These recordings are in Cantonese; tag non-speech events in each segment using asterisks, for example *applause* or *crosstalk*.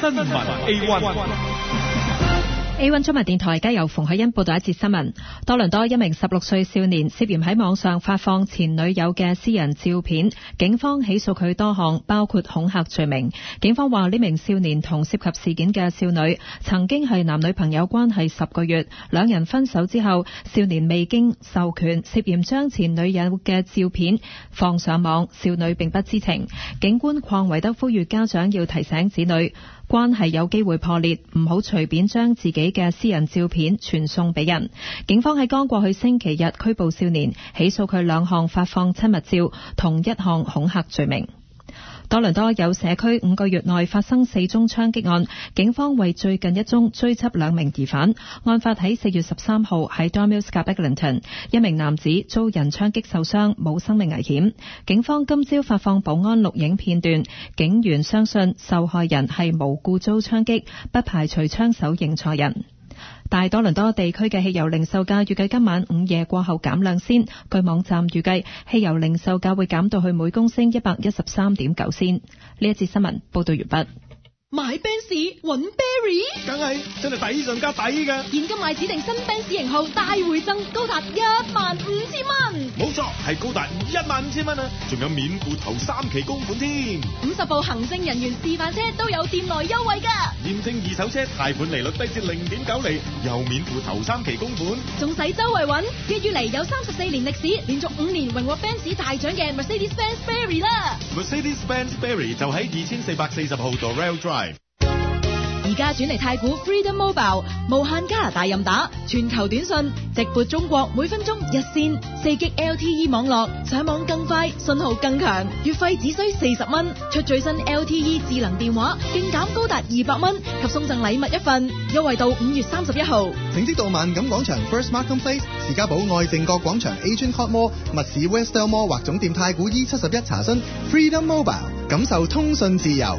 新聞 A one *laughs* 中文電台而家由馮海欣報道一節新聞。多倫多一名十六歲少年涉嫌喺網上發放前女友嘅私人照片，警方起訴佢多項，包括恐嚇罪名。警方話呢名少年同涉及事件嘅少女曾經係男女朋友關係十個月，兩人分手之後，少年未經授權涉嫌將前女友嘅照片放上網，少女並不知情。警官鄺維德呼籲家長要提醒子女，關係有機會破裂，唔好隨便將自己嘅私人照片傳送俾人。警方喺剛過去星期日拘捕少年，起訴佢兩項發放親密照，同一項恐嚇罪名。多倫多有社區五個月內發生四宗槍擊案，警方為最近一宗追緝兩名疑犯。案發喺四月十三號喺 Big Linton，一名男子遭人槍擊受傷，冇生命危險。警方今朝發放保安錄影片段，警員相信受害人係無故遭槍擊，不排除槍手認錯人。大多倫多地區嘅汽油零售價預計今晚午夜過後減兩仙，據網站預計，汽油零售價會減到去每公升先一百一十三點九仙。呢一節新聞報道完畢。買奔馳搵 Berry，梗係真係抵上加抵嘅。現今買指定新奔馳型號大 15,，大回贈高達一萬五千蚊。冇錯，係高達一萬五千蚊啊！仲有免付頭三期供款添。五十部行政人員示範車都有店內優惠噶。驗證二手車貸款利率低至零點九厘，又免付頭三期供款。仲使周圍搵？一月嚟，有三十四年歷史，連續五年榮獲奔馳大獎嘅 Mercedes-Benz Berry 啦。Mercedes-Benz Berry 就喺二千四百四十號度。Rail Drive。而家轉嚟太古 Freedom Mobile，無限加拿大任打，全球短信直撥中國每分鐘一仙，四 G LTE 網絡上網更快，信號更強，月費只需四十蚊。出最新 LTE 智能電話，勁減高達二百蚊，及送贈禮物一份，優惠到五月三十一號。請即到萬錦廣場 First Markham Place、士嘉堡愛靜閣廣場 Agincourt Mall，密市 Westall Mall 或總店太古 E 七十一查詢 Freedom Mobile，感受通訊自由。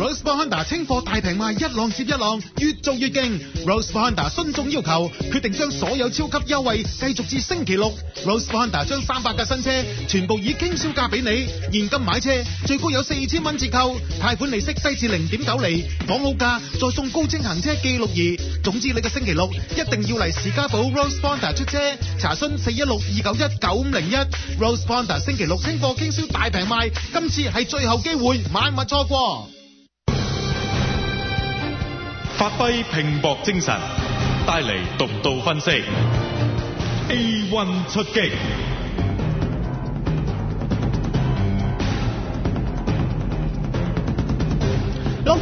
Roadsport Honda 清貨大平賣，一浪接一浪，越做越勁。Roadsport Honda 遵從要求，決定將所有超級優惠繼續至星期六。Roadsport Honda 將三百架新車全部以傾銷價俾你，現金買車最高有四千蚊折扣，貸款利息低至零點九厘，講好價再送高清行車記錄儀。總之，你嘅星期六一定要嚟士嘉堡 Roadsport Honda 出車，查詢四一六二九一九五零一。Roadsport Honda 星期六清貨傾銷大平賣，今次係最後機會，萬勿錯過。發揮拼搏精神，帶嚟獨到分析。A1 出擊。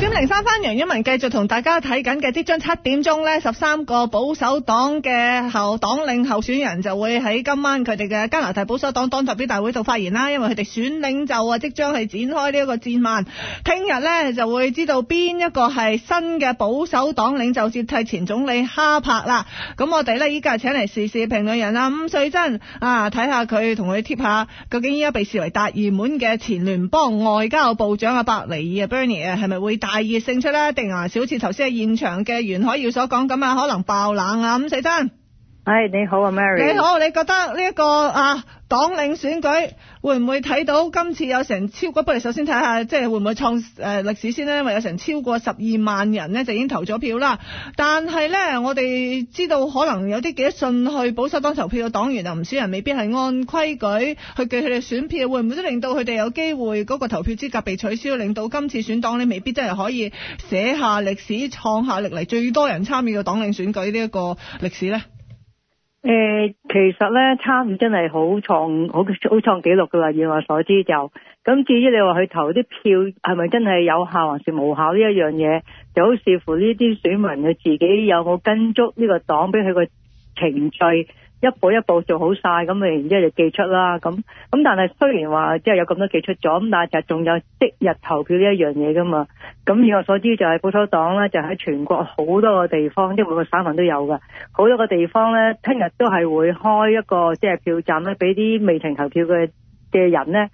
咁零三番楊一文繼續同大家睇緊嘅，即將七點鐘呢十三個保守黨嘅后黨領候選人就會喺今晚佢哋嘅加拿大保守黨黨代表大會度發言啦。因為佢哋選領袖啊，即將係展開呢一個戰萬，聽日呢就會知道邊一個係新嘅保守黨領袖接替前總理哈柏啦。咁我哋呢，依家請嚟時事評論人啦，伍瑞珍啊，睇下佢同佢貼下，究竟依家被視為大熱門嘅前聯邦外交部長阿伯尼爾啊，Bernie 啊，係咪會打？第二勝出啦，定啊？好似頭先喺現場嘅袁海耀所講，咁啊，可能爆冷啊！五死真。哎，hey，你好啊，Mary。你好，你覺得呢、這、一個啊黨領選舉會唔會睇到今次有成超過？不如首先睇下，即係會唔會創誒歷史先呢？因為有成超過十二萬人呢，就已經投咗票啦。但係呢，我哋知道可能有啲幾多信去保守黨投票嘅黨員啊，唔少人未必係按規矩去計佢哋選票，會唔會都令到佢哋有機會嗰個投票資格被取消，令到今次選黨你未必真係可以寫下歷史，創下歷嚟最多人參與嘅黨領選舉呢一個歷史呢？誒、呃，其實咧參與真係好創好好創紀錄噶啦，以我所知就。咁至於你話佢投啲票係咪真係有效還是無效呢一樣嘢，就好視乎呢啲選民佢自己有冇跟足呢個黨俾佢個程序。一步一步做好晒，咁啊，然之後就寄出啦。咁咁，但係雖然話即係有咁多寄出咗，咁但係仲有即日投票呢一樣嘢噶嘛。咁以我所知，就係保守黨呢，就喺全國好多個地方，即係每個省份都有㗎。好多個地方呢，聽日都係會開一個即日票站咧，俾啲未停投票嘅嘅人呢，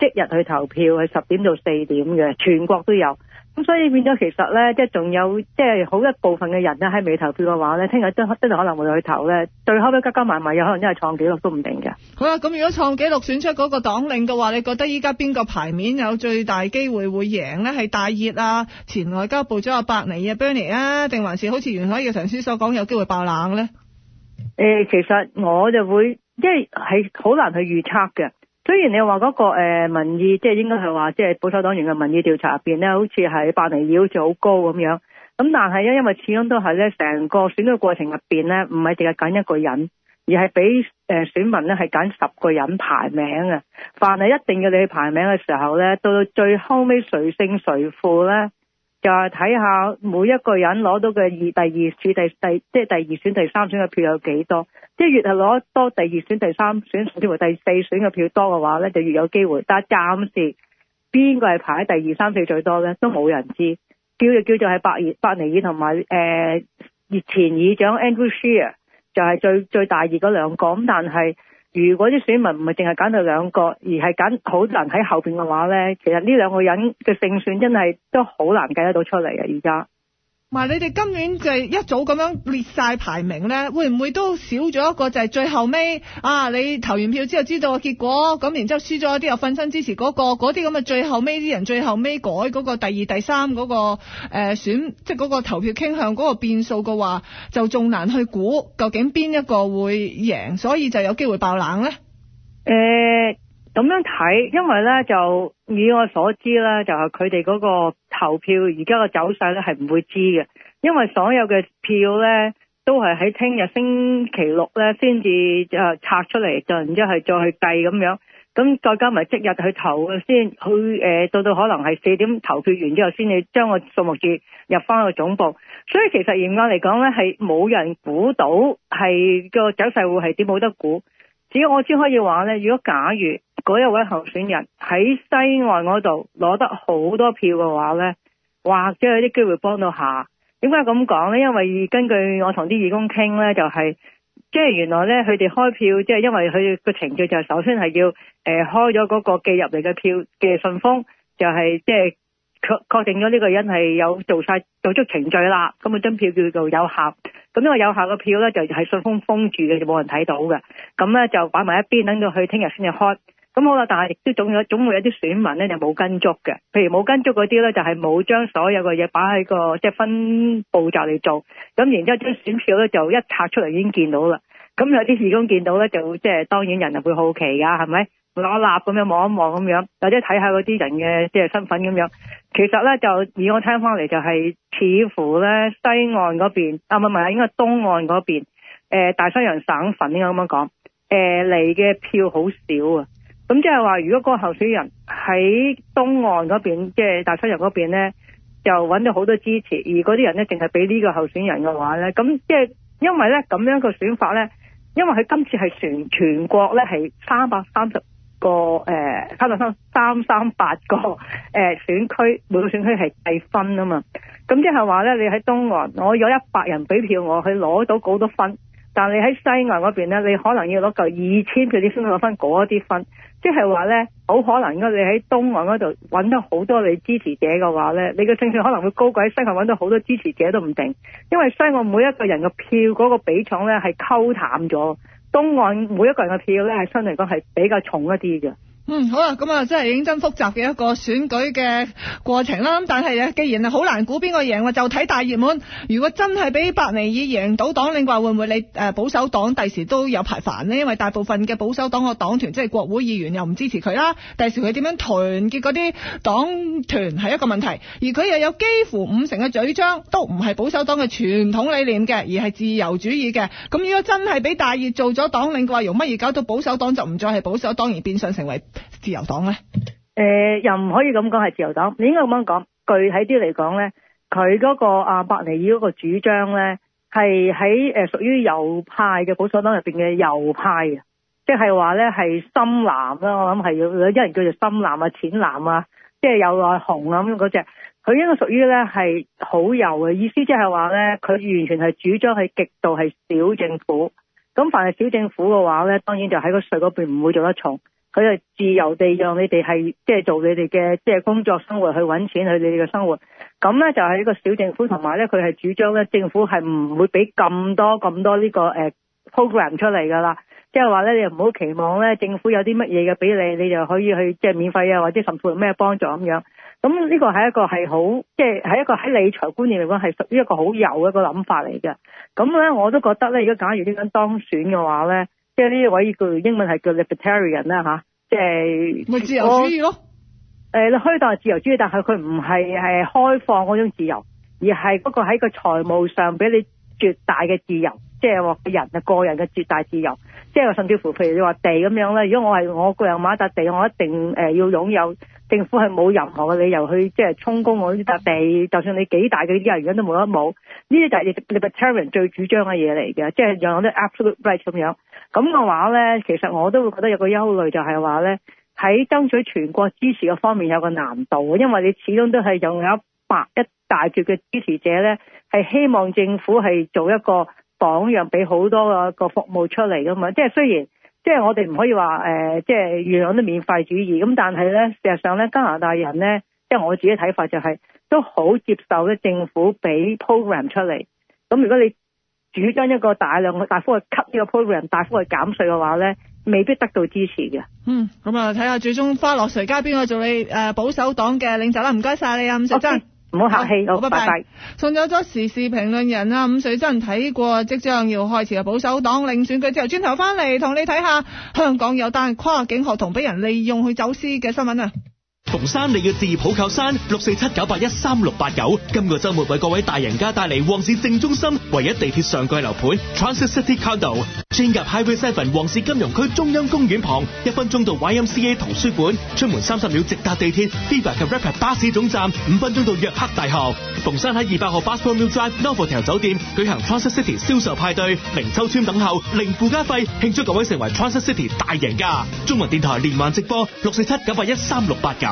即日去投票，係十點到四點嘅，全國都有。咁所以變咗其實咧，即係仲有即係好一部分嘅人咧喺未投票嘅話咧，聽日都真係可能會去投咧，最後尾加加埋埋有可能真係創紀錄都唔定嘅。好啦，咁如果創紀錄選出嗰個黨領嘅話，你覺得依家邊個牌面有最大機會會贏咧？係大熱啊，前外交部長阿伯尼啊，Bernie 啊，定還是好似袁海嘅頭先所講，有機會爆冷咧？誒，其實我就會即係係好難去預測嘅。雖然你話嗰個民意，即係應該係話即係保守黨員嘅民意調查入邊咧，好似喺百零秒好似好高咁樣。咁但係咧，因為始終都係咧，成個選舉過程入面咧，唔係淨係揀一個人，而係俾誒選民咧係揀十個人排名啊。凡係一定要你去排名嘅時候咧，到到最後尾誰勝誰負咧？就係睇下每一個人攞到嘅二第二次第四第四即係第二選第三選嘅票有幾多，即係越係攞多第二選第三選甚至第四選嘅票多嘅話呢，就越有機會。但係暫時邊個係排第二、三、四最多呢，都冇人知。叫就叫做係白尼爾同埋誒前議長 Andrew Scheer、er, 就係最最大二嗰兩個咁，但係。如果啲選民唔係淨係揀到兩個，而係揀好多人喺後面嘅話咧，其實呢兩個人嘅勝算真係都好難計得到出嚟嘅而家。唔係你哋今年就係一早咁樣列晒排名呢，會唔會都少咗一個？就係、是、最後尾啊！你投完票之後知道個結果，咁然之後輸咗啲有粉身支持嗰、那個，嗰啲咁嘅最後尾啲人，最後尾改嗰個第二、第三嗰個誒選，即係嗰個投票傾向嗰個變數嘅話，就仲難去估究竟邊一個會贏，所以就有機會爆冷呢。誒、呃。咁樣睇，因為咧就以我所知咧，就係佢哋嗰個投票而家個走勢咧係唔會知嘅，因為所有嘅票咧都係喺聽日星期六咧先至就拆出嚟，就然之後係再去計咁樣，咁再加埋即日去投先去，去、呃、誒到到可能係四點投票完之後先至將個數目結入翻個總部，所以其實嚴格嚟講咧係冇人估到係個走勢會係點，冇得估。只要我先可以話咧，如果假如嗰一位候選人喺西岸嗰度攞得好多票嘅話咧，或者有啲機會幫到下。點解咁講咧？因為根據我同啲義工傾咧、就係，就係即係原來咧佢哋開票，即、就、係、係、因為佢個程序就首先係要誒開咗嗰個寄入嚟嘅票嘅信封，就係即係。確定咗呢個人係有做晒、做足程序啦，咁啊張票叫做有效，咁呢個有效嘅票咧就係、是、信封封住嘅，就冇人睇到嘅，咁咧就擺埋一邊，等到去聽日先至開，咁好啦，但係亦都總有總會有啲選民咧就冇跟足嘅，譬如冇跟足嗰啲咧就係冇將所有嘅嘢擺喺個即係分步驟嚟做，咁然之後張選票咧就一拆出嚟已經見到啦，咁有啲義工見到咧就即係當然人啊會好奇㗎，係咪？攞立咁樣望一望咁樣，或者睇下嗰啲人嘅即係身份咁樣。其實咧就以我聽翻嚟就係，似乎咧西岸嗰邊啊唔係唔係，應該東岸嗰邊，誒大西洋省份應該咁樣講。誒嚟嘅票好少啊，咁即係話如果嗰個候選人喺東岸嗰邊，即係大西洋嗰邊咧，就搵到好多支持；而嗰啲人咧淨係俾呢個候選人嘅話咧，咁即係因為咧咁樣個選法咧，因為佢今次係全全國咧係三百三十。個誒，卡洛斯三三八個誒、呃、選區，每個選區係計分啊嘛，咁即係話咧，你喺東岸，我有一百人俾票，我去攞到好多分；但你喺西岸嗰邊咧，你可能要攞夠二千票啲可以攞嗰啲分。即係話咧，好可能嘅，你喺東岸嗰度揾到好多你嘅支持者嘅話咧，你嘅勝算可能會高過喺西岸揾到好多支持者都唔定，因為西岸每一個人嘅票嗰個比重咧係溝淡咗。東岸每一個人嘅票咧，係相對嚟講係比較重一啲嘅。嗯，好啊，咁啊，真係認真複雜嘅一個選舉嘅過程啦。咁但係啊，既然啊好難估邊個贏，就睇大熱門。如果真係俾白尼爾贏到黨領嘅話，會唔會你誒保守黨第時都有排煩呢？因為大部分嘅保守黨個黨團即係國會議員又唔支持佢啦。第時佢點樣團結嗰啲黨團係一個問題。而佢又有幾乎五成嘅主張，都唔係保守黨嘅傳統理念嘅，而係自由主義嘅。咁如果真係俾大熱做咗黨領嘅話，容乜易搞到保守黨就唔再係保守黨而變相成為自由黨咧，誒、呃，又唔可以咁講係自由黨，你應該咁樣講具體啲嚟講咧，佢嗰、個、啊、伯尼爾嗰個主張咧，係喺誒屬於右派嘅保守黨入邊嘅右派嘅，即係話咧，係深藍啦，我諗係有一人叫做深藍、淺藍啊、淺藍啊，即係有內紅啊咁嗰隻，佢應該屬於咧係好右嘅意思呢，即係話咧佢完全係主張係極度係小政府，咁凡係小政府嘅話咧，當然就喺個稅嗰邊唔會做得重。佢就自由地讓你哋係即係做你哋嘅即係工作生活去揾錢，你哋嘅生活咁咧就係、是、呢個小政府，同埋咧佢係主張咧政府係唔會俾咁多咁多呢、這個、呃、program 出嚟㗎啦，即係話咧你又唔好期望咧政府有啲乜嘢嘅俾你，你就可以去即係、就是、免費啊，或者甚至乎咩幫助咁樣。咁呢個係一個係好即係喺一個喺理財觀念嚟講係屬於一個好有嘅一個諗法嚟嘅。咁咧我都覺得咧，如果假如呢個當選嘅話咧。即係呢位叫英文係叫 libertarian 啦、就、吓、是，即係咪自由主義咯？誒、呃，你可以當係自由主義，但係佢唔係係開放嗰種自由，而係不過喺個財務上俾你絕大嘅自由，即係話人啊個人嘅絕大自由，即係甚至乎譬如你話地咁樣呢，如果我係我個人買一笪地，我一定誒要擁有，政府係冇任何嘅理由去即係充公我呢笪地，就算你幾大嘅啲人而家都冇得冇，呢啲就係 libertarian 最主張嘅嘢嚟嘅，即係有啲 absolute right 咁樣。咁嘅話呢，其實我都會覺得有個憂慮，就係話呢，喺爭取全國支持嘅方面有個難度，因為你始終都係有一百一大截嘅支持者呢，係希望政府係做一個榜樣俾好多個服務出嚟噶嘛。即係雖然即係我哋唔可以話、呃、即係原諗都免費主義，咁但係呢，事實上呢，加拿大人呢，即係我自己睇法就係、是、都好接受呢政府俾 program 出嚟。咁如果你主張一個大量嘅大幅去吸呢個 program 大幅去減稅嘅話咧，未必得到支持嘅、嗯。嗯，咁啊，睇下最終花落誰家，邊個做你誒保守黨嘅領袖啦？唔該晒你，啊，伍水真，唔好、okay, 客氣，好、哦、拜拜。拜拜送咗咗時事評論人啊，伍水真睇過，即將要開始嘅保守黨領選舉之後，轉頭翻嚟同你睇下香港有單跨境學童俾人利用去走私嘅新聞啊！逢山你要置業抱靠山，六四七九八一三六八九，今個周末為各位大贏家帶嚟旺市正中心唯一地鐵上蓋樓盤 Transit City Condo，進入 Highway Seven 旺市金融區中央公園旁，一分鐘到 YMCA 圖書館，出門三十秒直達地鐵，Viva 及 Rapid 巴士總站，五分鐘到約克大學。逢山喺二百號 Bass Pro Mills Drive Novotel 酒店舉行 Transit City 銷售派對，零抽籤等候，零附加費，慶祝各位成為 Transit City 大贏家。中文電台連環直播六四七九八一三六八九。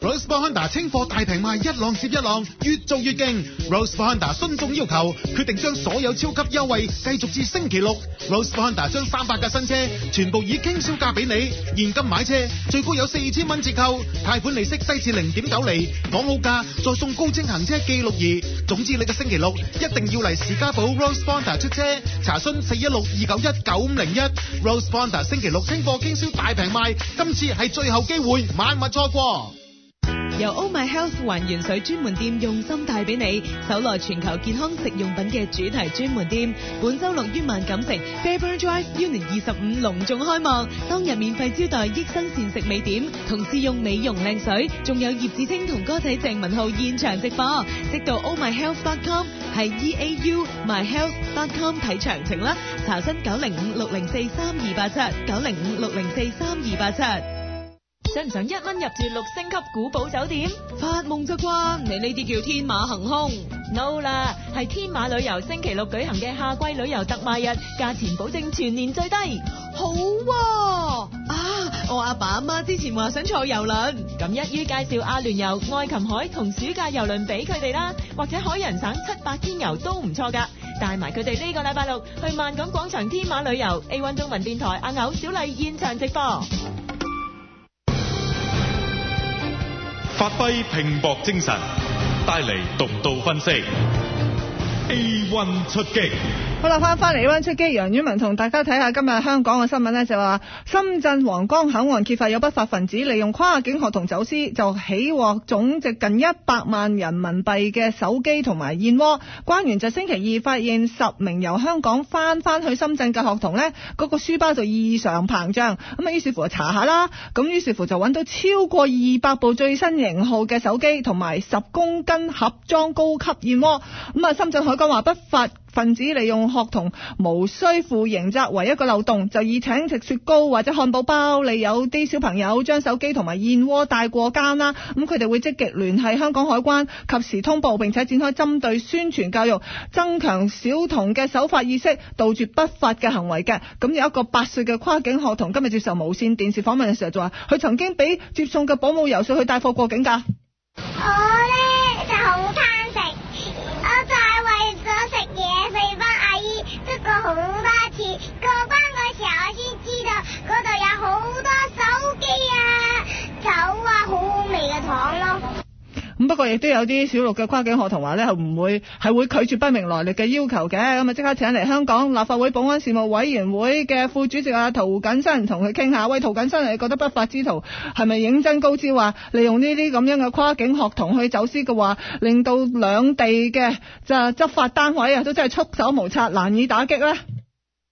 Rose Honda 清貨大平賣，一浪接一浪，越做越勁。Rose Honda 順眾要求，決定將所有超級優惠繼續至星期六。Rose Honda 將三百架新車全部以傾銷價俾你，現金買車最高有四千蚊折扣，貸款利息低至零點九厘，講好價再送高清行車記錄儀。總之，你嘅星期六一定要嚟士嘉堡 Rose Honda 出車，查詢四一六二九一九五零一。Rose Honda 星期六清貨傾銷大平賣，今次係最後機會，萬勿錯過！由 Oh My Health 還原水專門店用心帶俾你，搜羅全球健康食用品嘅主題專門店，本周六於萬錦城 Beaver Drive Unit 25隆重開幕，當日免費招待益生膳食美點同試用美容靚水，仲有葉智清同哥仔鄭文浩現場直播，即到 Oh My Health dot com 係 E A U My Health dot com 睇詳情啦，查詢九零五六零四三二八七九零五六零四三二八七。想唔想一蚊入住六星級古堡酒店？發夢咋啩，你呢啲叫天馬行空。No 啦，係天馬旅遊星期六舉行嘅夏季旅遊特賣日，價錢保證全年最低。好啊，我阿爸阿媽之前話想坐遊輪，咁一於介紹阿聯酋愛琴海同暑假遊輪俾佢哋啦，或者海洋省七八天遊都唔錯噶。帶埋佢哋呢個禮拜六去萬錦廣場天馬旅遊 A1 中文電台，阿牛、小麗現場直播。發揮拼搏精神，帶嚟獨到分析。A1 出擊。好啦，翻返嚟 A1 出擊。楊宇文同大家睇下今日香港嘅新聞呢，就話深圳皇崗口岸揭發有不法分子利用跨境學童走私，就起獲總值近一百萬人民幣嘅手機同埋燕窩。關員就星期二發現十名由香港翻返去深圳嘅學童呢嗰、那個書包就異常膨脹。咁啊，於是乎查下啦，咁於是乎就揾到超過二百部最新型號嘅手機同埋十公斤盒裝高級燕窩。咁啊，深圳海講話不法分子利用學童無需負刑責為一個漏洞，就以請食雪糕或者漢堡包利誘啲小朋友將手機同埋燕窩帶過關啦。咁佢哋會積極聯繫香港海關，及時通報，並且展開針對宣傳教育，增強小童嘅守法意識，杜絕不法嘅行為嘅。咁有一個八歲嘅跨境學童今日接受無線電視訪問嘅時候就話，佢曾經俾接送嘅保姆游說去帶貨過境噶。我咧就好怕。好亦都有啲小六嘅跨境學童話咧，係唔會係會拒絕不明來歷嘅要求嘅。咁啊即刻請嚟香港立法會保安事務委員會嘅副主席阿、啊、涂謹申同佢傾下。喂涂謹申，你覺得不法之徒係咪認真高招啊？利用呢啲咁樣嘅跨境學童去走私嘅話，令到兩地嘅就執法單位啊都真係束手無策，難以打擊咧。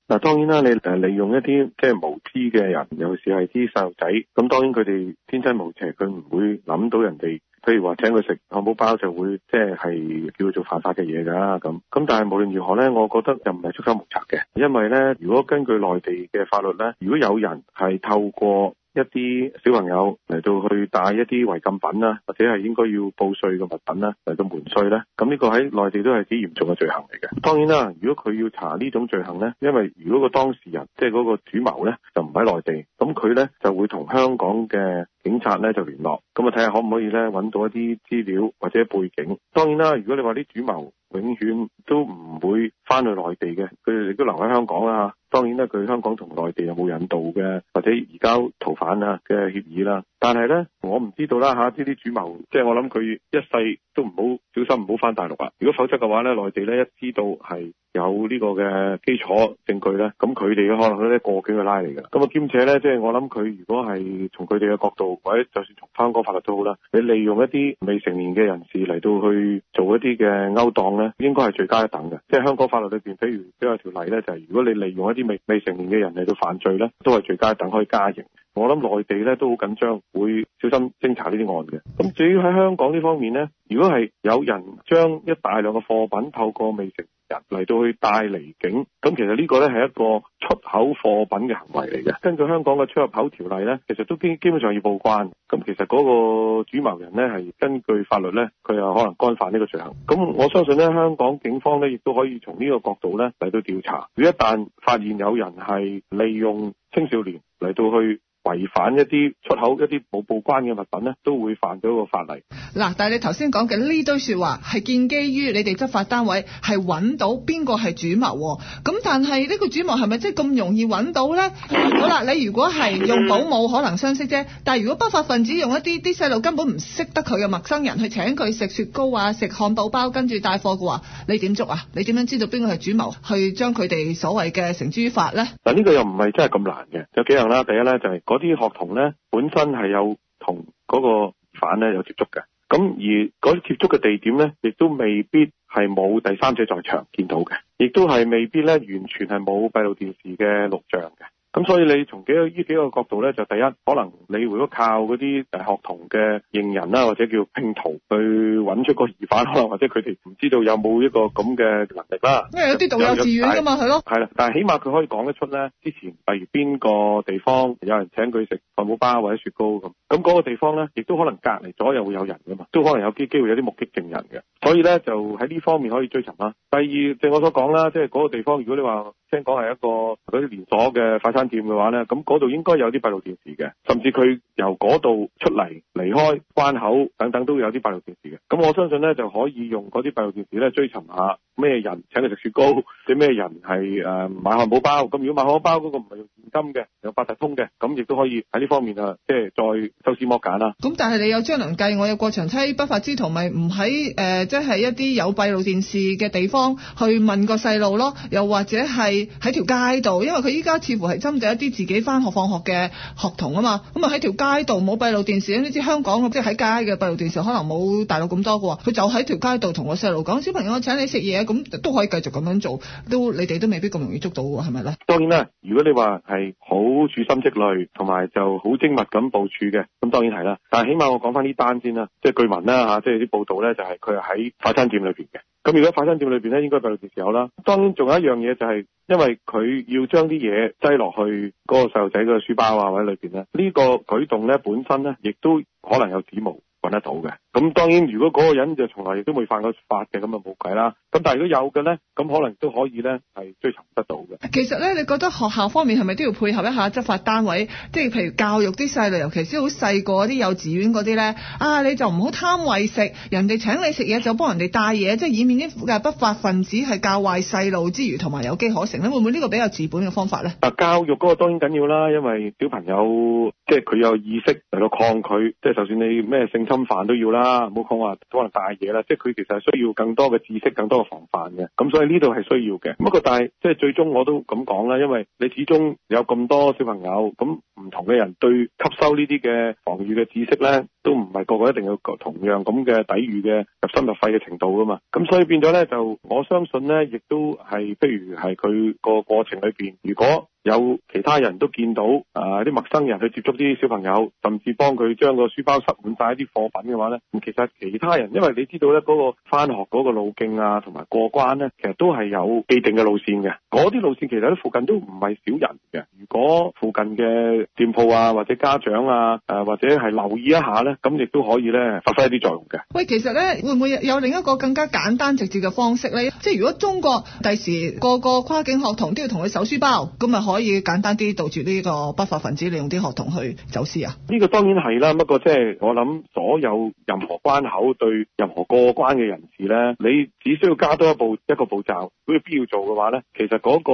嗱當然啦，你誒利用一啲即係無知嘅人，尤其是係啲細路仔，咁當然佢哋天真無邪，佢唔會諗到人哋。譬如話請佢食漢堡包就會即係、就是、叫做犯法嘅嘢㗎咁，咁但係無論如何呢，我覺得又唔係出家木柵嘅，因為呢，如果根據內地嘅法律呢，如果有人係透過一啲小朋友嚟到去帶一啲違禁品啦，或者係應該要報稅嘅物品啦嚟到門稅呢，咁呢個喺內地都係幾嚴重嘅罪行嚟嘅。當然啦，如果佢要查呢種罪行呢，因為如果個當事人即係嗰個主謀呢，就唔喺內地，咁佢呢就會同香港嘅。警察咧就聯絡，咁啊，睇下可唔可以咧揾到一啲資料或者背景。當然啦，如果你話啲主謀永遠都唔會翻去內地嘅，佢哋亦都留喺香港啊。當然啦，佢香港同內地有冇引渡嘅，或者移交逃犯啊嘅協議啦。但係咧，我唔知道啦吓，呢啲主謀，即係我諗佢一世都唔好小心唔好翻大陸啊。如果否則嘅話咧，內地咧一知道係。有呢個嘅基礎證據咧，咁佢哋可能都係過幾個拉嚟㗎。咁啊，兼且咧，即係我諗佢如果係從佢哋嘅角度，或者就算從香港法律都好啦，你利用一啲未成年嘅人士嚟到去做一啲嘅勾當咧，應該係罪加一等嘅。即係香港法律裏面，譬如都有條例咧，就係、是、如果你利用一啲未未成年嘅人嚟到犯罪咧，都係罪加一等，可以加刑。我諗內地咧都好緊張，會小心偵查呢啲案嘅。咁至於喺香港呢方面呢，如果係有人將一大量嘅貨品透過未成年人嚟到去帶離境，咁其實呢個呢係一個出口貨品嘅行為嚟嘅。根據香港嘅出入口條例呢，其實都基基本上要報關。咁其實嗰個主謀人呢係根據法律呢，佢又可能干犯呢個罪行。咁我相信呢，香港警方呢亦都可以從呢個角度呢嚟到調查。如果一旦發現有人係利用青少年嚟到去，違反一啲出口一啲冇報關嘅物品咧，都會犯咗個法例。嗱，但係你頭先講嘅呢堆説話係建基於你哋執法單位係揾到邊個係主謀喎。咁但係呢個主謀係咪真係咁容易揾到咧？ *laughs* 好啦，你如果係用保姆可能相識啫，但係如果不法分子用一啲啲細路根本唔識得佢嘅陌生人去請佢食雪糕啊、食漢堡包，跟住帶貨嘅話，你點捉啊？你點樣知道邊個係主謀去將佢哋所謂嘅繩之於法咧？嗱，呢個又唔係真係咁難嘅。有幾樣啦，第一咧就係、是啲學童咧本身係有同嗰個犯咧有接觸嘅，咁而嗰接觸嘅地點咧，亦都未必係冇第三者在場見到嘅，亦都係未必咧完全係冇閉路電視嘅錄像嘅。咁所以你從幾個呢幾個角度咧，就第一，可能你如果靠嗰啲學童嘅認人啦，或者叫拼圖去揾出個疑犯，可能或者佢哋唔知道有冇一個咁嘅能力啦。因為有啲讀幼稚園噶嘛，係咯。係啦，但係起碼佢可以講得出咧，之前例如邊個地方有人請佢食漢堡包或者雪糕咁。咁、那、嗰個地方咧，亦都可能隔離左右會有人噶嘛，都可能有機會有啲目擊證人嘅。所以咧，就喺呢方面可以追尋啦。第二，正如我所講啦，即係嗰個地方，如果你話。聽講係一個嗰啲連鎖嘅快餐店嘅話咧，咁嗰度應該有啲閉路電視嘅，甚至佢由嗰度出嚟離開關口等等都有啲閉路電視嘅，咁我相信咧就可以用嗰啲閉路電視咧追尋下。咩人請佢食雪糕？你咩人係誒買漢堡包？咁如果買漢堡包嗰個唔係用現金嘅，有八達通嘅，咁亦都可以喺呢方面啊，即係再抽絲剝繭啦。咁但係你有張良計，我有過牆梯，不法之徒咪唔喺誒，即係、呃就是、一啲有閉路電視嘅地方去問個細路咯，又或者係喺條街度，因為佢依家似乎係針對一啲自己返學放學嘅學童啊嘛。咁啊喺條街度冇閉路電視，你知香港即係喺街嘅閉路電視可能冇大陸咁多嘅喎，佢就喺條街度同個細路講：小朋友，我請你食嘢。咁都可以繼續咁樣做，都你哋都未必咁容易捉到，係咪呢？當然啦，如果你話係好處心積慮同埋就好精密咁部署嘅，咁當然係啦。但係起碼我講翻呢單先啦，即係據聞啦吓，即係啲報道咧，就係佢係喺快餐店裏面嘅。咁如果快餐店裏邊咧，應該到六時候啦。當然仲有一樣嘢就係，因為佢要將啲嘢擠落去嗰個細路仔嘅書包啊或者裏面咧，呢個舉動咧本身咧，亦都可能有指模。揾得到嘅，咁當然如果嗰個人就從來亦都未犯過法嘅，咁啊冇計啦。咁但係如果有嘅咧，咁可能都可以咧係追尋得到嘅。其實咧，你覺得學校方面係咪都要配合一下執法單位，即係譬如教育啲細路，尤其是好細個啲幼稚園嗰啲咧啊，你就唔好貪為食，人哋請你食嘢就幫人哋帶嘢，即係以免啲不法分子係教壞細路之餘，同埋有，有機可乘咧。會唔會呢個比較治本嘅方法咧？教育嗰個當然緊要啦，因為小朋友即係佢有意識嚟到抗拒，即係就算你咩性。侵犯都要啦，冇可能話可能大嘢啦，即係佢其實係需要更多嘅知識，更多嘅防範嘅，咁所以呢度係需要嘅。不過但係即係最終我都咁講啦，因為你始終有咁多小朋友，咁唔同嘅人對吸收呢啲嘅防禦嘅知識咧，都唔係個個一定要同樣咁嘅抵禦嘅入心入肺嘅程度噶嘛。咁所以變咗咧就，我相信咧亦都係，譬如係佢個過程裏邊，如果有其他人都見到啊，啲、呃、陌生人去接觸啲小朋友，甚至幫佢將個書包塞滿晒一啲貨品嘅話咧，咁其實其他人因為你知道咧，嗰、嗰個翻學嗰個路徑啊，同埋過關咧，其實都係有既定嘅路線嘅。嗰啲路線其實喺附近都唔係少人嘅。如果附近嘅店鋪啊，或者家長啊，呃、或者係留意一下咧，咁亦都可以咧發揮一啲作用嘅。喂，其實咧會唔會有另一個更加簡單直接嘅方式咧？即係如果中國第時個個跨境學童都要同佢搜書包咁啊？可以簡單啲杜絕呢個不法分子利用啲學童去走私啊？呢個當然係啦，不過即係我諗所有任何關口對任何過關嘅人士咧，你只需要加多一步一個步驟，如果必要做嘅話咧，其實嗰個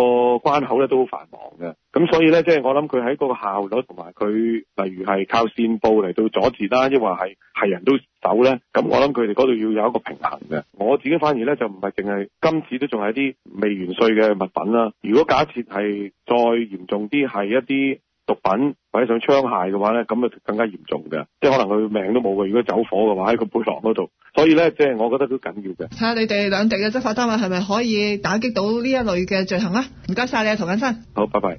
關口咧都好繁忙嘅。咁所以咧，即係我諗佢喺嗰個效率，同埋佢例如係靠線報嚟到阻止啦，亦或係係人都走咧。咁我諗佢哋嗰度要有一個平衡嘅。我自己反而咧就唔係淨係今次都仲係啲未完稅嘅物品啦。如果假設係再嚴重啲係一啲毒品或者上槍械嘅話咧，咁啊更加嚴重嘅，即係可能佢命都冇嘅。如果走火嘅話喺個背囊嗰度，所以咧即係我覺得都緊要嘅。睇下你哋兩地嘅執法單位係咪可以打擊到呢一類嘅罪行咧？唔該晒你啊，唐耿生。好，拜拜。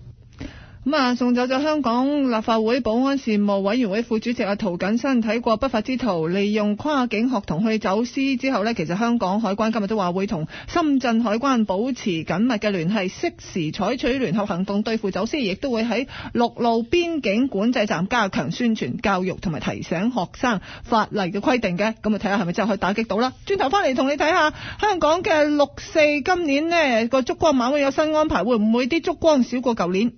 咁啊、嗯，送走咗香港立法會保安事務委員會副主席阿涂謹申睇過不法之徒利用跨境學童去走私之後呢，其實香港海關今日都話會同深圳海關保持緊密嘅聯繫，適時採取聯合行動對付走私，亦都會喺陸路邊境管制站加強宣傳教育同埋提醒學生法例嘅規定嘅。咁啊，睇下係咪真係可以打擊到啦？轉頭翻嚟同你睇下香港嘅六四今年呢個燭光晚會有新安排，會唔會啲燭光少過舊年？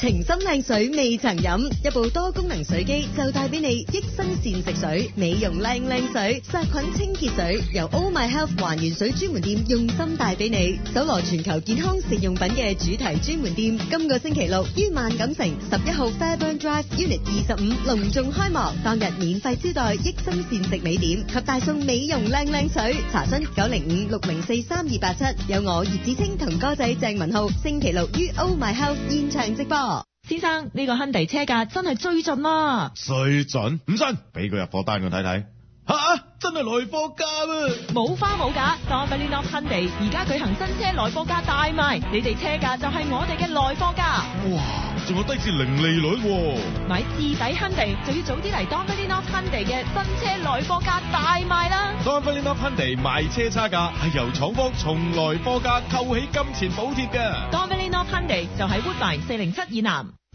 情深靚水未曾飲，一部多功能水機就帶俾你益生膳食水、美容靚靚水、殺菌清潔水，由 All My Health 還原水專門店用心帶俾你。搜羅全球健康食用品嘅主題專門店，今個星期六於萬錦城十一號 Fairburn Drive Unit 25隆重開幕，當日免費招待益生膳食美點及大送美容靚靚水。查詢九零五六零四三二八七，有我葉子清同哥仔鄭文浩，星期六於 All My Health 現場直播。先生，呢、這個亨迪車價真係最盡啦、啊！最盡？唔信，俾個入貨單我睇睇。吓、啊，真係來貨價啊，冇花冇假。多芬利諾亨迪而家舉行新車來貨價大賣，你哋車價就係我哋嘅來貨價。哇仲有低至零利率喎，哦！買置底坑地就要早啲嚟 Don Valley North Hyundai 嘅新車來貨價大賣啦 Don Valley North Hyundai 賣車差價係由廠方從來貨價扣起金錢補貼嘅。Don Valley North Hyundai 就喺 Woodbine 407以南。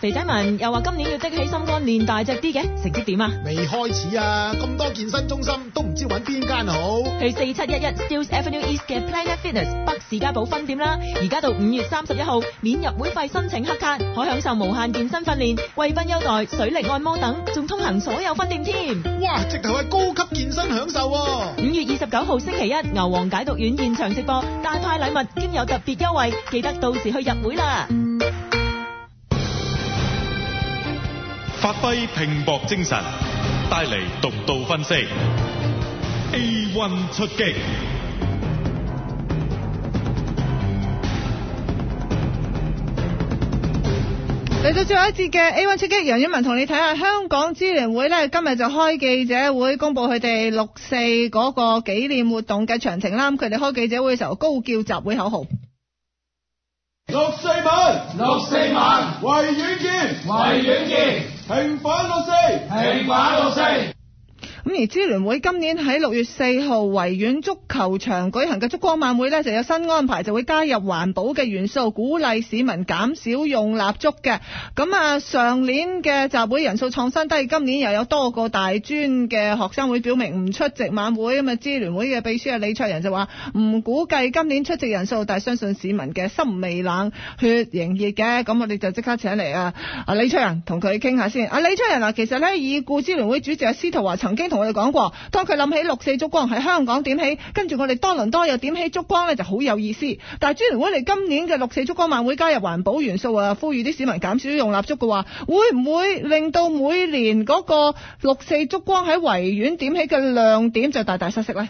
肥仔文又話今年要得起心肝練大隻啲嘅，成績點啊？未開始啊，咁多健身中心都唔知揾邊間好。去四七一一 Steeles Avenue East 嘅 Planet Fitness 北士嘉堡分店啦，而家到五月三十一號免入會費申請黑卡，可享受無限健身訓練、貴賓優待、水力按摩等，仲通行所有分店添。哇，直頭係高級健身享受。五月二十九號星期一牛王解讀院現場直播，大派禮物兼有特別優惠，記得到時去入會啦。發揮拼搏精神，帶嚟獨到分析。A1 出擊，嚟到最後一節嘅 A1 出擊，楊宇文同你睇下香港支聯會呢，今日就開記者會公布佢哋六四嗰個紀念活動嘅詳情啦。佢哋開記者會嘅時候，高叫集會口號：六四晚，六四晚，維園見，維園見。平凡老師，平凡老師。咁而支聯會今年喺六月四號維園足球場舉行嘅燭光晚會咧，就有新安排，就會加入環保嘅元素，鼓勵市民減少用蠟燭嘅。咁啊，上年嘅集會人數創新低，今年又有多個大專嘅學生會表明唔出席晚會。咁啊，支聯會嘅秘書啊李卓人就話唔估計今年出席人數，但係相信市民嘅心未冷，血熱，血仍熱嘅。咁我哋就即刻請嚟啊啊李卓人同佢傾下先。啊李卓人啊，其實咧，已故支聯會主席阿司徒華曾經同。我哋講過，當佢諗起六四燭光喺香港點起，跟住我哋多倫多又點起燭光呢，就好有意思。但係，天主教會嚟今年嘅六四燭光晚會加入環保元素啊，呼籲啲市民減少用蠟燭嘅話，會唔會令到每年嗰個六四燭光喺維園點起嘅亮點就大大失色呢？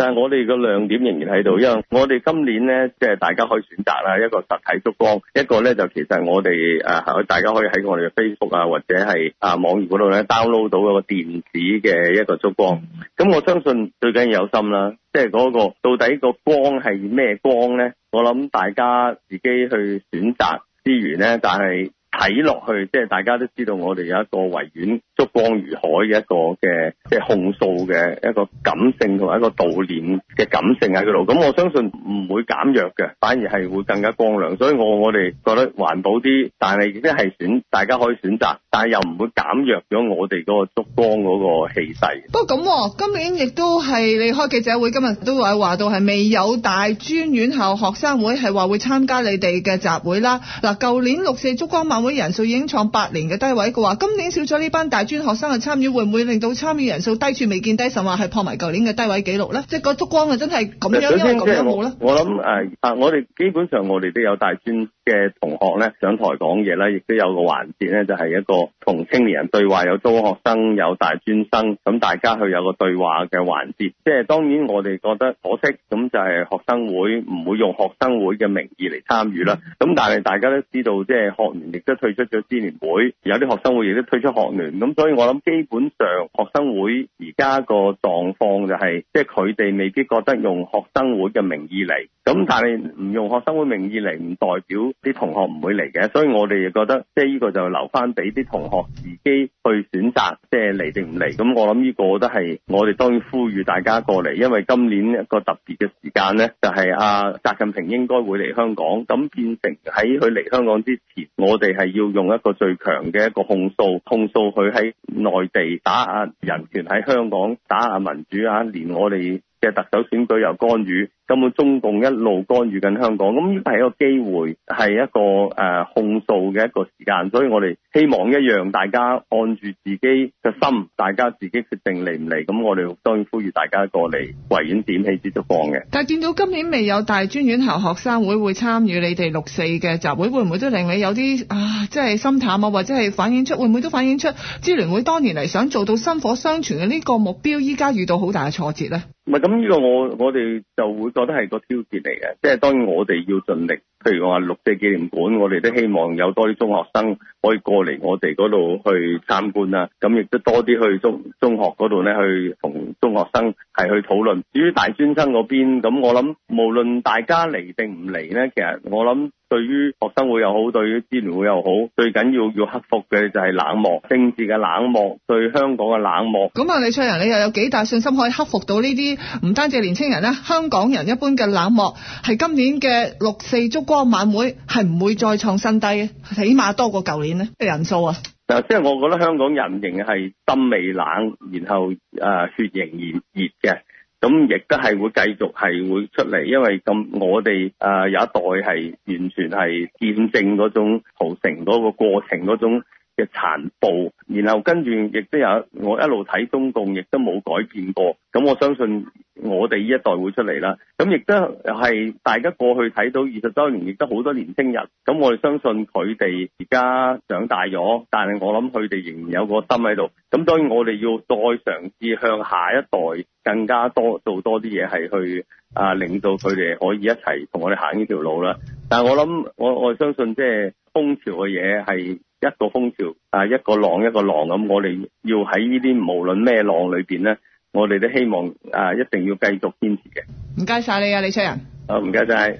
但係我哋個亮點仍然喺度，因為我哋今年咧，即係大家可以選擇啦，一個實體燭光，一個咧就其實我哋誒，大家可以喺我哋嘅 Facebook 啊，或者係啊網頁嗰度咧 download 到個電子嘅一個燭光。咁我相信最緊要有心啦，即係嗰個到底個光係咩光咧？我諗大家自己去選擇之餘咧，但係睇落去，即係大家都知道我哋有一個維園。燭光如海嘅一個嘅，即係控訴嘅一個感性同埋一個悼念嘅感性喺嗰度，咁我相信唔會減弱嘅，反而係會更加光亮。所以我我哋覺得環保啲，但係亦都係選大家可以選擇，但係又唔會減弱咗我哋嗰個燭光嗰個氣勢。不過咁、啊，今年亦都係你開記者會今日都話話到係未有大專院校學生會，係話會參加你哋嘅集會啦。嗱，舊年六四燭光晚會人數已經創八年嘅低位嘅話，今年少咗呢班大專學生嘅參與會唔會令到參與人數低處未見低，甚至話係破埋舊年嘅低位記錄呢？即係個燭光啊，真係咁樣一個咁樣好咧。我諗誒啊，我哋基本上我哋都有大專嘅同學咧上台講嘢啦，亦都有個環節咧，就係、是、一個同青年人對話，有中學生，有大專生，咁大家去有個對話嘅環節。即係當然我哋覺得可惜，咁就係學生會唔會用學生會嘅名義嚟參與啦？咁、嗯、但係大家都知道，即、就、係、是、學聯亦都退出咗支聯會，有啲學生會亦都退出學聯咁。所以我諗基本上學生會而家個狀況就係即係佢哋未必覺得用學生會嘅名義嚟。咁但係唔用學生會名義嚟唔代表啲同學唔會嚟嘅，所以我哋就覺得即係呢個就留翻俾啲同學自己去選擇，即係嚟定唔嚟。咁我諗呢個都係我哋當然呼籲大家過嚟，因為今年一個特別嘅時間咧，就係啊習近平應該會嚟香港，咁變成喺佢嚟香港之前，我哋係要用一個最強嘅一個控訴，控訴佢喺。內地打壓人權，喺香港打壓民主啊！連我哋嘅特首選舉又干預，根本中共一路干預緊香港，咁呢個係一個機會，係一個誒、呃、控訴嘅一個時間，所以我哋希望一樣大家按住自己嘅心，大家自己決定嚟唔嚟。咁我哋當然呼籲大家過嚟維園點起支燭光嘅。但見到今年未有大專院校學生會會參與你哋六四嘅集會，會唔會都令你有啲啊，即係心淡啊？或者係反映出會唔會都反映出支聯會當年嚟想做到薪火相傳嘅呢個目標，依家遇到好大嘅挫折咧？唔係，咁呢個我我哋就會覺得係個挑戰嚟嘅。即係當然，我哋要盡力。譬如話六四紀念館，我哋都希望有多啲中學生可以過嚟我哋嗰度去參觀啦。咁亦都多啲去中中學嗰度呢，去同中學生係去討論。至於大專生嗰邊，咁我諗無論大家嚟定唔嚟呢，其實我諗對於學生會又好，對於支聯會又好，最緊要要克服嘅就係冷漠，政治嘅冷漠，對香港嘅冷漠。咁啊，李卓人，你又有幾大信心可以克服到呢啲？唔單止年青人呢，香港人一般嘅冷漠係今年嘅六四燭光。晚會係唔會再創新低，起碼多過舊年嘅人數啊！嗱，即係我覺得香港人仍係心未冷，然後誒、呃、血仍然熱熱嘅，咁亦都係會繼續係會出嚟，因為咁我哋誒、呃、有一代係完全係見證嗰種屠城嗰個過程嗰種。嘅殘暴，然後跟住亦都有我一路睇中共，亦都冇改變過。咁我相信我哋呢一代會出嚟啦。咁亦都係大家過去睇到二十多年，亦都好多年青人。咁我哋相信佢哋而家長大咗，但係我諗佢哋仍然有個心喺度。咁當然我哋要再嘗試向下一代更加多做多啲嘢，係去啊，令到佢哋可以一齊同我哋行呢條路啦。但係我諗我我相信即係風潮嘅嘢係。一個風潮啊，一個浪一個浪咁，我哋要喺呢啲無論咩浪裏邊呢，我哋都希望啊，一定要繼續堅持嘅。唔該晒你啊，李卓人。好，唔該晒，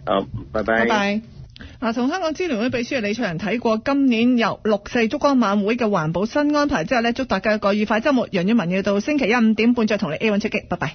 拜拜。拜拜。同、啊、香港支聯會秘書李卓人睇過今年由六四燭光晚會嘅環保新安排之後呢，祝大家一個愉快周末。楊宇文要到星期一五點半再同你 A one 出擊，拜拜。